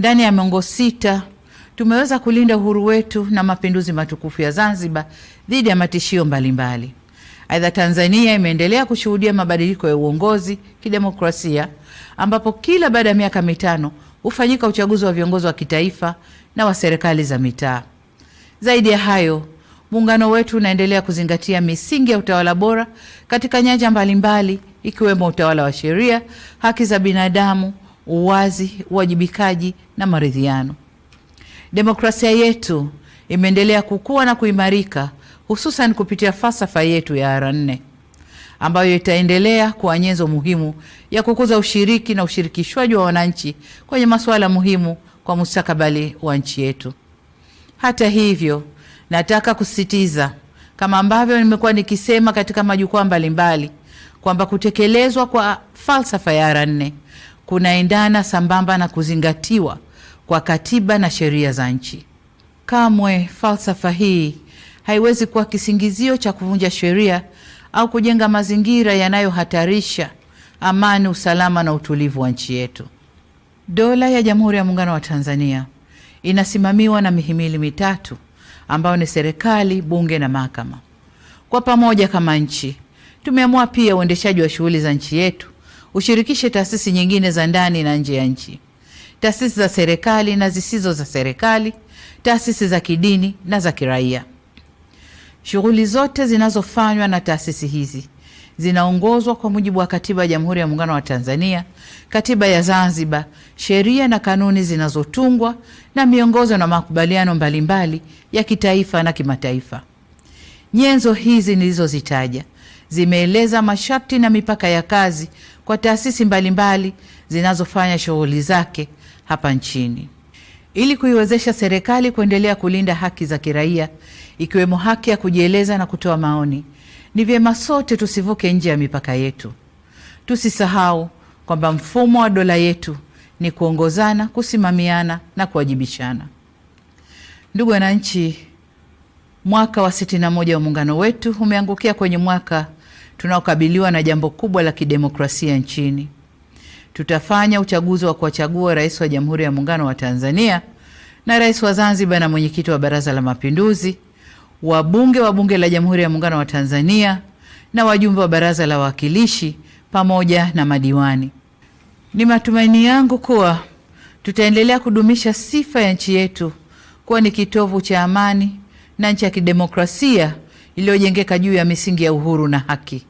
Ndani ya miongo sita tumeweza kulinda uhuru wetu na mapinduzi matukufu ya Zanzibar dhidi ya matishio mbalimbali. Aidha, Tanzania imeendelea kushuhudia mabadiliko ya uongozi kidemokrasia, ambapo kila baada ya miaka mitano hufanyika uchaguzi wa viongozi wa kitaifa na wa serikali za mitaa. Zaidi ya hayo, muungano wetu unaendelea kuzingatia misingi ya utawala bora katika nyanja mbalimbali ikiwemo utawala wa sheria, haki za binadamu uwazi, uwajibikaji na maridhiano. Demokrasia yetu imeendelea kukua na kuimarika hususan kupitia falsafa yetu ya R4 ambayo itaendelea kuwa nyenzo muhimu ya kukuza ushiriki na ushirikishwaji wa wananchi kwenye masuala muhimu kwa mustakabali wa nchi yetu. Hata hivyo, nataka kusisitiza kama ambavyo nimekuwa nikisema katika majukwaa mbalimbali kwamba kutekelezwa kwa falsafa ya R4 kunaendana sambamba na kuzingatiwa kwa katiba na sheria za nchi. Kamwe falsafa hii haiwezi kuwa kisingizio cha kuvunja sheria au kujenga mazingira yanayohatarisha amani, usalama na utulivu wa nchi yetu. Dola ya Jamhuri ya Muungano wa Tanzania inasimamiwa na mihimili mitatu ambayo ni serikali, bunge na mahakama. Kwa pamoja kama nchi tumeamua pia uendeshaji wa shughuli za nchi yetu ushirikishe taasisi nyingine za ndani na nje ya nchi, taasisi za serikali na zisizo za serikali, taasisi za kidini na za kiraia. Shughuli zote zinazofanywa na taasisi hizi zinaongozwa kwa mujibu wa Katiba ya Jamhuri ya Muungano wa Tanzania, Katiba ya Zanzibar, sheria na kanuni zinazotungwa na miongozo na makubaliano mbalimbali ya kitaifa na kimataifa. Nyenzo hizi nilizozitaja zimeeleza masharti na mipaka ya kazi kwa taasisi mbalimbali zinazofanya shughuli zake hapa nchini ili kuiwezesha serikali kuendelea kulinda haki za kiraia ikiwemo haki ya kujieleza na kutoa maoni. Ni vyema sote tusivuke nje ya mipaka yetu. Tusisahau kwamba mfumo wa dola yetu ni kuongozana, kusimamiana na kuwajibishana. Ndugu wananchi, mwaka wa 61 wa muungano wetu umeangukia kwenye mwaka tunaokabiliwa na jambo kubwa la kidemokrasia nchini. Tutafanya uchaguzi wa kuwachagua rais wa Jamhuri ya Muungano wa Tanzania na rais wa Zanzibar na mwenyekiti wa Baraza la Mapinduzi, wabunge wa Bunge la Jamhuri ya Muungano wa Tanzania na wajumbe wa Baraza la Wawakilishi pamoja na madiwani. Ni matumaini yangu kuwa tutaendelea kudumisha sifa ya nchi yetu kuwa ni kitovu cha amani na nchi ya kidemokrasia iliyojengeka juu ya misingi ya uhuru na haki.